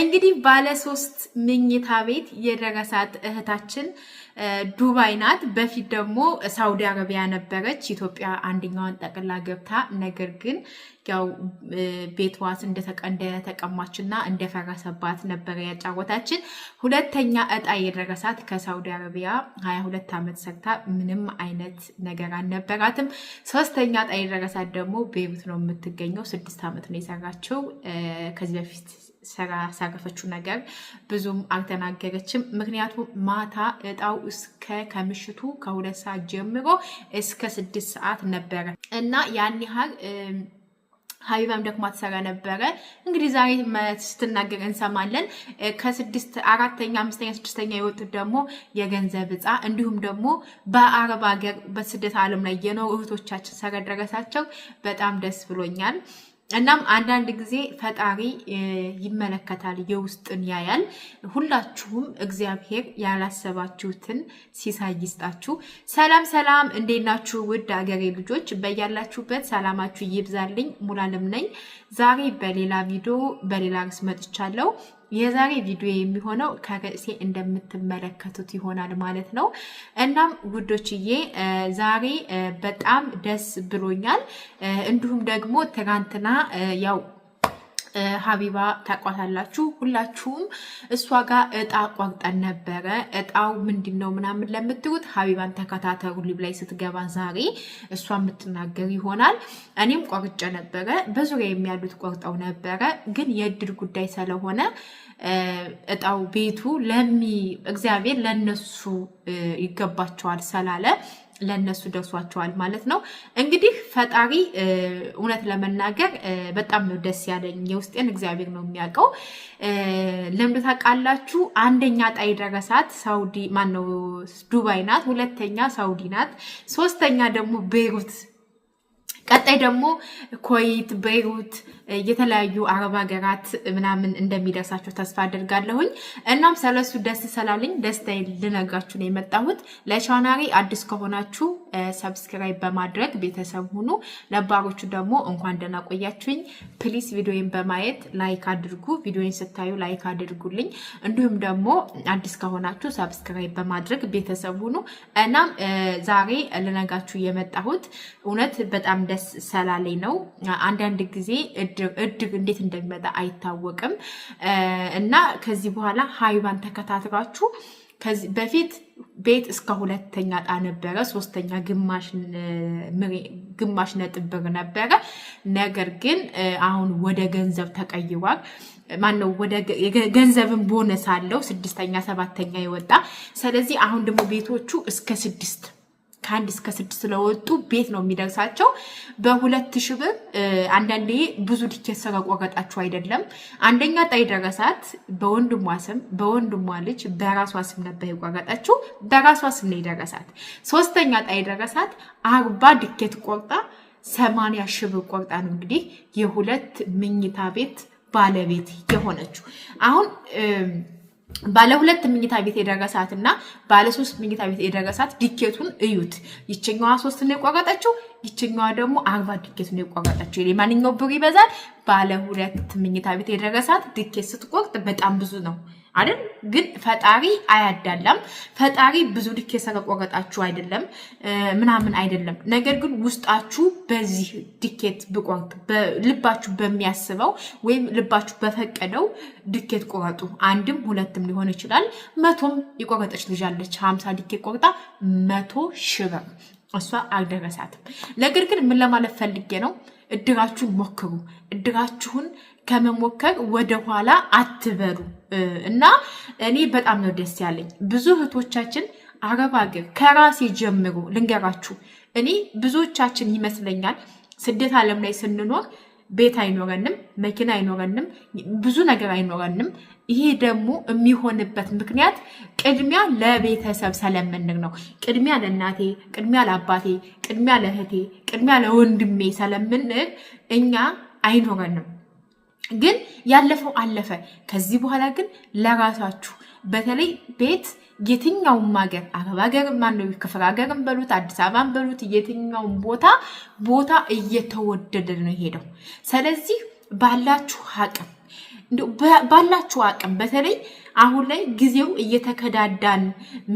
እንግዲህ ባለ ሶስት መኝታ ቤት የደረሳት እህታችን ዱባይ ናት። በፊት ደግሞ ሳውዲ አረቢያ ነበረች። ኢትዮጵያ አንደኛዋን ጠቅላ ገብታ ነገር ግን ያው ቤቷስ እንደተቀማች እንደተቀማችና እንደፈረሰባት ነበረ ያጫወታችን። ሁለተኛ እጣ የደረሳት ከሳውዲ አረቢያ ሀያ ሁለት ዓመት ሰርታ ምንም አይነት ነገር አልነበራትም። ሶስተኛ እጣ የደረሳት ደግሞ ቤሩት ነው የምትገኘው። ስድስት ዓመት ነው የሰራችው። ከዚህ በፊት ስራ ያሳረፈችው ነገር ብዙም አልተናገረችም። ምክንያቱም ማታ እጣው እስከ ከምሽቱ ከሁለት ሰዓት ጀምሮ እስከ ስድስት ሰዓት ነበረ እና ያን ያህል ሀቢባም ደግሞ አትሰራ ነበረ። እንግዲህ ዛሬ ስትናገር እንሰማለን። ከስድስት አራተኛ፣ አምስተኛ፣ ስድስተኛ የወጡት ደግሞ የገንዘብ እፃ እንዲሁም ደግሞ በአረብ ሀገር በስደት ዓለም ላይ የኖሩ እህቶቻችን ሰራ ደረሳቸው። በጣም ደስ ብሎኛል። እናም አንዳንድ ጊዜ ፈጣሪ ይመለከታል፣ የውስጥን ያያል። ሁላችሁም እግዚአብሔር ያላሰባችሁትን ሲሳይ ይስጣችሁ። ሰላም ሰላም፣ እንዴት ናችሁ ውድ አገሬ ልጆች? በያላችሁበት ሰላማችሁ ይብዛልኝ። ሙላለም ነኝ። ዛሬ በሌላ ቪዲዮ በሌላ ርዕስ መጥቻለሁ። የዛሬ ቪዲዮ የሚሆነው ከርዕሴ እንደምትመለከቱት ይሆናል ማለት ነው። እናም ውዶችዬ ዛሬ በጣም ደስ ብሎኛል። እንዲሁም ደግሞ ትናንትና ያው ሀቢባ ታቋታላችሁ ሁላችሁም። እሷ ጋር እጣ ቆርጠን ነበረ። እጣው ምንድን ነው ምናምን ለምትሉት ሀቢባን ተከታተሩ። ሊብ ላይ ስትገባ ዛሬ እሷ የምትናገር ይሆናል። እኔም ቆርጬ ነበረ፣ በዙሪያ የሚያሉት ቆርጠው ነበረ። ግን የእድል ጉዳይ ስለሆነ እጣው ቤቱ ለሚ እግዚአብሔር ለነሱ ይገባቸዋል ስላለ ለነሱ ደርሷቸዋል ማለት ነው። እንግዲህ ፈጣሪ እውነት ለመናገር በጣም ነው ደስ ያለኝ። የውስጤን እግዚአብሔር ነው የሚያውቀው። ለምዶ ታውቃላችሁ፣ አንደኛ ጣይ ደረሳት ሳውዲ ማነው ዱባይ ናት፣ ሁለተኛ ሳውዲ ናት፣ ሶስተኛ ደግሞ ቤይሩት ቀጣይ ደግሞ ኮይት፣ ቤይሩት፣ የተለያዩ አረብ ሀገራት ምናምን እንደሚደርሳቸው ተስፋ አድርጋለሁኝ። እናም ስለሱ ደስ ስላለኝ ደስታዬን ልነግራችሁ ነው የመጣሁት። ለቻናሪ አዲስ ከሆናችሁ ሰብስክራይብ በማድረግ ቤተሰብ ሁኑ። ነባሮቹ ደግሞ እንኳን ደህና ቆያችሁኝ። ፕሊስ ቪዲዮን በማየት ላይክ አድርጉ። ቪዲዮን ስታዩ ላይክ አድርጉልኝ። እንዲሁም ደግሞ አዲስ ከሆናችሁ ሰብስክራይብ በማድረግ ቤተሰብ ሁኑ። እናም ዛሬ ልነጋችሁ የመጣሁት እውነት በጣም ደስ ሰላለኝ ነው። አንዳንድ ጊዜ እድር እንዴት እንደሚመጣ አይታወቅም እና ከዚህ በኋላ ሀይባን ተከታትላችሁ ከዚህ በፊት ቤት እስከ ሁለተኛ ዕጣ ነበረ። ሶስተኛ ግማሽ ነጥብ ብር ነበረ። ነገር ግን አሁን ወደ ገንዘብ ተቀይሯል። ማነው ወደ ገንዘብን ቦነስ አለው ስድስተኛ ሰባተኛ የወጣ ስለዚህ አሁን ደግሞ ቤቶቹ እስከ ስድስት ከአንድ እስከ ስድስት ስለወጡ ቤት ነው የሚደርሳቸው በሁለት ሺህ ብር። አንዳንዴ ብዙ ድኬት ስለቆረጣችሁ አይደለም። አንደኛ ጣይ ደረሳት በወንድሟ ስም በወንድሟ ልጅ በራሷ ስም ነበር የቆረጠችው፣ በራሷ ስም ነው የደረሳት። ሶስተኛ ጣይ ደረሳት አርባ ዲኬት ቆርጣ ሰማንያ ሺህ ብር ቆርጣ ነው እንግዲህ የሁለት ምኝታ ቤት ባለቤት የሆነችው አሁን ባለ ሁለት ምኝታ ቤት የደረገ ሰዓት እና ባለ ሶስት ምኝታ ቤት የደረገ ሰዓት ዲኬቱን እዩት። ይችኛዋ ሶስት ነው የቋረጠችው፣ ይችኛዋ ደግሞ አርባ ዲኬት ነው የቋረጠችው። ማንኛው ብር ይበዛል? ባለ ሁለት ምኝታ ቤት የደረገ ሰዓት ዲኬት ስትቆርጥ በጣም ብዙ ነው። አይደል? ግን ፈጣሪ አያዳላም። ፈጣሪ ብዙ ልክ የሰረቆረጣችሁ አይደለም ምናምን አይደለም። ነገር ግን ውስጣችሁ በዚህ ድኬት ብቆርጥ ልባችሁ በሚያስበው ወይም ልባችሁ በፈቀደው ድኬት ቆረጡ። አንድም ሁለትም ሊሆን ይችላል። መቶም የቆረጠች ልጅ አለች። ሀምሳ ድኬት ቆርጣ መቶ ሺህ እሷ አልደረሳትም። ነገር ግን ምን ለማለት ፈልጌ ነው? እድራችሁን ሞክሩ። እድራችሁን ከመሞከር ወደኋላ አትበሩ እና እኔ በጣም ነው ደስ ያለኝ። ብዙ እህቶቻችን አረብ አገር ከራሴ ጀምሮ ልንገራችሁ፣ እኔ ብዙዎቻችን ይመስለኛል ስደት ዓለም ላይ ስንኖር ቤት አይኖረንም፣ መኪና አይኖረንም፣ ብዙ ነገር አይኖረንም። ይሄ ደግሞ የሚሆንበት ምክንያት ቅድሚያ ለቤተሰብ ስለምንር ነው። ቅድሚያ ለእናቴ፣ ቅድሚያ ለአባቴ፣ ቅድሚያ ለእህቴ፣ ቅድሚያ ለወንድሜ ስለምንር እኛ አይኖረንም። ግን ያለፈው አለፈ። ከዚህ በኋላ ግን ለራሳችሁ በተለይ ቤት የትኛውም ሀገር አረብ ሀገር ማነው ክፍለ ሀገርን በሉት አዲስ አበባን በሉት የትኛውም ቦታ ቦታ እየተወደደ ነው የሄደው። ስለዚህ ባላችሁ አቅም ባላችሁ አቅም በተለይ አሁን ላይ ጊዜው እየተከዳዳን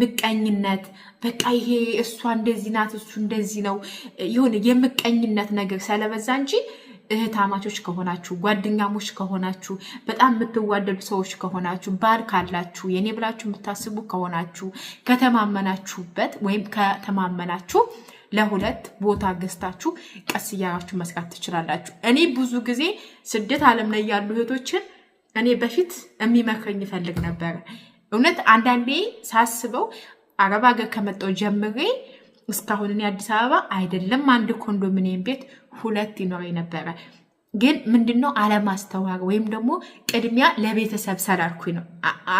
ምቀኝነት፣ በቃ ይሄ እሷ እንደዚህ ናት እሱ እንደዚህ ነው የሆነ የምቀኝነት ነገር ስለበዛ እንጂ እህታማቾች ከሆናችሁ ጓደኛሞች ከሆናችሁ በጣም የምትዋደዱ ሰዎች ከሆናችሁ ባል ካላችሁ የኔ ብላችሁ የምታስቡ ከሆናችሁ ከተማመናችሁበት ወይም ከተማመናችሁ ለሁለት ቦታ ገዝታችሁ ቀስ እያራችሁ መስራት ትችላላችሁ። እኔ ብዙ ጊዜ ስደት ዓለም ላይ ያሉ እህቶችን እኔ በፊት የሚመክረኝ ይፈልግ ነበር። እውነት አንዳንዴ ሳስበው አረብ ሀገር ከመጣሁ ጀምሬ እስካሁን እኔ አዲስ አበባ አይደለም አንድ ኮንዶሚኒየም ቤት ሁለት ይኖር ነበረ። ግን ምንድነው አለማስተዋር ወይም ደግሞ ቅድሚያ ለቤተሰብ ሰራርኩኝ ነው።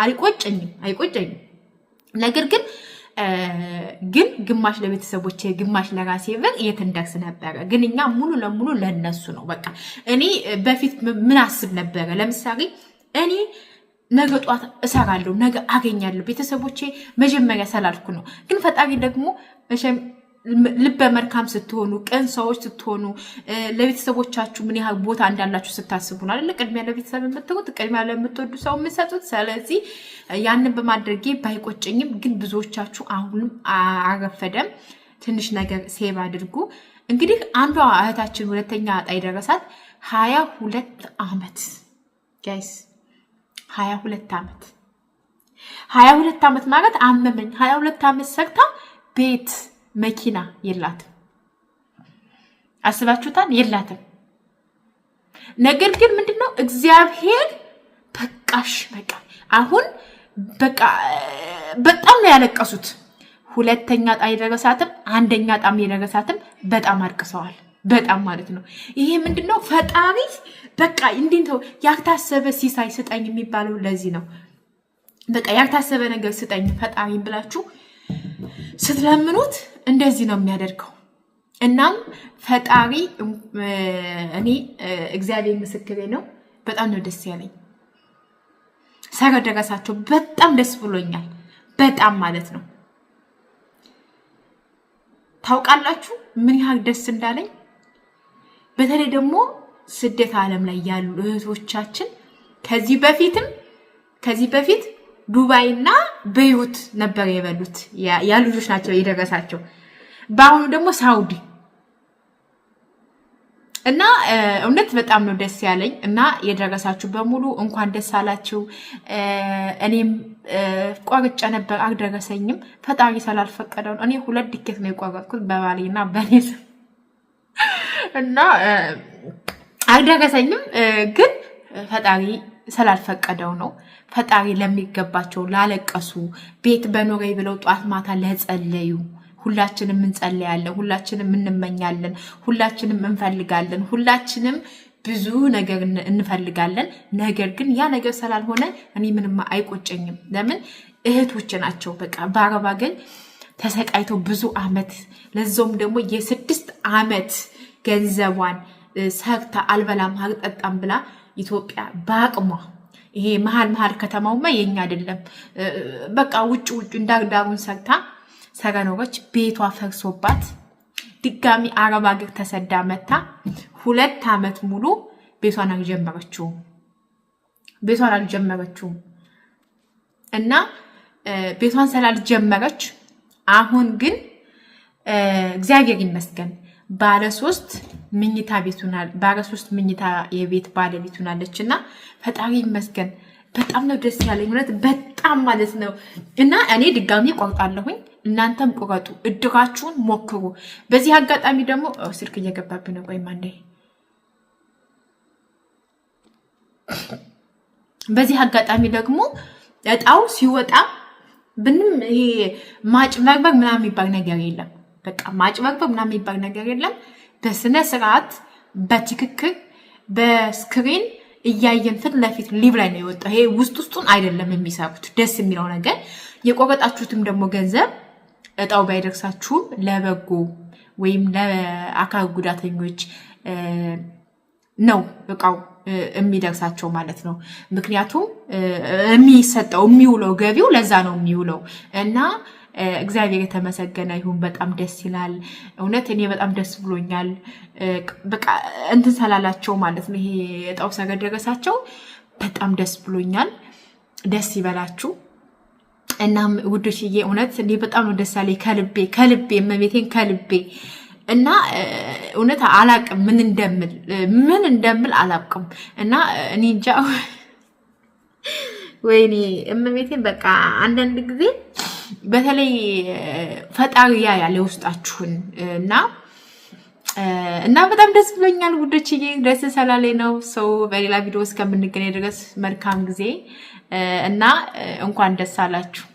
አይቆጨኝም አይቆጨኝም። ነገር ግን ግን ግማሽ ለቤተሰቦቼ ግማሽ ለራሴ ብር የት እንደርስ ነበረ። ግን እኛ ሙሉ ለሙሉ ለነሱ ነው። በቃ እኔ በፊት ምን አስብ ነበረ? ለምሳሌ እኔ ነገ ጠዋት እሰራለሁ፣ ነገ አገኛለሁ። ቤተሰቦቼ መጀመሪያ ስላልኩ ነው። ግን ፈጣሪ ደግሞ ልበ መልካም ስትሆኑ፣ ቅን ሰዎች ስትሆኑ፣ ለቤተሰቦቻችሁ ምን ያህል ቦታ እንዳላችሁ ስታስቡ ነው አይደለ? ቅድሚያ ለቤተሰብ የምትሩት ቅድሚያ ለምትወዱ ሰው የምሰጡት። ስለዚህ ያንን በማድረጌ ባይቆጨኝም፣ ግን ብዙዎቻችሁ አሁንም አረፈደም፣ ትንሽ ነገር ሴቭ አድርጉ። እንግዲህ አንዷ እህታችን ሁለተኛ ዕጣ ይደረሳት ሀያ ሁለት አመት ጋይስ ሀያ ሁለት ዓመት ሀያ ሁለት ዓመት ማለት አመመኝ። ሀያ ሁለት ዓመት ሰርታ ቤት መኪና የላትም። አስባችሁታን የላትም። ነገር ግን ምንድነው እግዚአብሔር በቃሽ በቃ አሁን በቃ በጣም ነው ያለቀሱት። ሁለተኛ ዕጣ የደረሳትም አንደኛ ጣም የደረሳትም በጣም አርቅሰዋል። በጣም ማለት ነው። ይሄ ምንድነው ፈጣሪ በቃ እንዲህ ያልታሰበ ሲሳይ ስጠኝ የሚባለው ለዚህ ነው። በቃ ያልታሰበ ነገር ስጠኝ ፈጣሪ ብላችሁ ስትለምኑት እንደዚህ ነው የሚያደርገው። እናም ፈጣሪ እኔ እግዚአብሔር ምስክሬ ነው፣ በጣም ነው ደስ ያለኝ ስለደረሳቸው በጣም ደስ ብሎኛል። በጣም ማለት ነው። ታውቃላችሁ ምን ያህል ደስ እንዳለኝ በተለይ ደግሞ ስደት ዓለም ላይ ያሉ እህቶቻችን ከዚህ በፊትም ከዚህ በፊት ዱባይ እና ቤይሩት ነበር የበሉት ያ ልጆች ናቸው የደረሳቸው። በአሁኑ ደግሞ ሳውዲ እና እውነት በጣም ነው ደስ ያለኝ። እና የደረሳችሁ በሙሉ እንኳን ደስ አላችሁ። እኔም ቆርጬ ነበር አልደረሰኝም፣ ፈጣሪ ስላልፈቀደው ነው። እኔ ሁለት ድኬት ነው የቆረጥኩት በባሌ እና በኔ እና አይደረሰኝም ግን ፈጣሪ ስላልፈቀደው ነው። ፈጣሪ ለሚገባቸው ላለቀሱ፣ ቤት በኖሬ ብለው ጧት ማታ ለጸለዩ ሁላችንም እንጸለያለን፣ ሁላችንም እንመኛለን፣ ሁላችንም እንፈልጋለን፣ ሁላችንም ብዙ ነገር እንፈልጋለን። ነገር ግን ያ ነገር ስላልሆነ እኔ ምንም አይቆጨኝም። ለምን እህቶች ናቸው። በቃ በአረብ አገር ተሰቃይተው ብዙ አመት ለዛውም ደግሞ የስድስት አመት ገንዘቧን ሰግታ አልበላም አልጠጣም ብላ ኢትዮጵያ በአቅሟ ይሄ መሀል መሀል ከተማውማ የኛ አይደለም። በቃ ውጭ ውጭ እንዳርዳሩን ሰግታ ሰገኖሮች ቤቷ ፈርሶባት ድጋሚ አረብ አገር ተሰዳ መታ ሁለት ዓመት ሙሉ ቤቷን አልጀመረችውም ቤቷን አልጀመረችውም። እና ቤቷን ስላልጀመረች አሁን ግን እግዚአብሔር ይመስገን ባለሶስት ምኝታ ቤቱና ባለ ሶስት ምኝታ የቤት ባለቤት ሆናለች እና ፈጣሪ ይመስገን በጣም ነው ደስ ያለኝ። እውነት በጣም ማለት ነው። እና እኔ ድጋሚ ቆርጣለሁኝ፣ እናንተም ቁረጡ፣ እድራችሁን ሞክሩ። በዚህ አጋጣሚ ደግሞ ስልክ እየገባብኝ ነው። ቆይ ማንዴ በዚህ አጋጣሚ ደግሞ እጣው ሲወጣ ብንም ይሄ ማጭበርበር ምናምን የሚባል ነገር የለም። በቃ ማጭበርበር ምናምን የሚባል ነገር የለም። በስነ ስርዓት በትክክል በስክሪን እያየን ፊት ለፊት ሊቭ ላይ ነው የወጣው። ይሄ ውስጥ ውስጡን አይደለም የሚሰሩት። ደስ የሚለው ነገር የቆረጣችሁትም ደግሞ ገንዘብ እጣው ባይደርሳችሁም ለበጎ ወይም ለአካል ጉዳተኞች ነው እቃው የሚደርሳቸው ማለት ነው። ምክንያቱም የሚሰጠው የሚውለው ገቢው ለዛ ነው የሚውለው እና እግዚአብሔር የተመሰገነ ይሁን። በጣም ደስ ይላል። እውነት እኔ በጣም ደስ ብሎኛል። በቃ እንትን ሰላላቸው ማለት ነው። ይሄ የጣው እጣው ደረሳቸው። በጣም ደስ ብሎኛል። ደስ ይበላችሁ። እናም ውዶችዬ እውነት እኔ በጣም ነው ደስ ያለኝ ከልቤ ከልቤ እመቤቴን ከልቤ እና እውነት አላቅም ምን እንደምል ምን እንደምል አላቅም። እና እኔ እንጃ ወይኔ እመቤቴን በቃ አንዳንድ ጊዜ በተለይ ፈጣሪ ያ ያለ ውስጣችሁን እና እና በጣም ደስ ብሎኛል ውዶች፣ ደስ ሰላለኝ ነው ሰው በሌላ ቪዲዮ እስከምንገናኝ ድረስ መልካም ጊዜ እና እንኳን ደስ አላችሁ።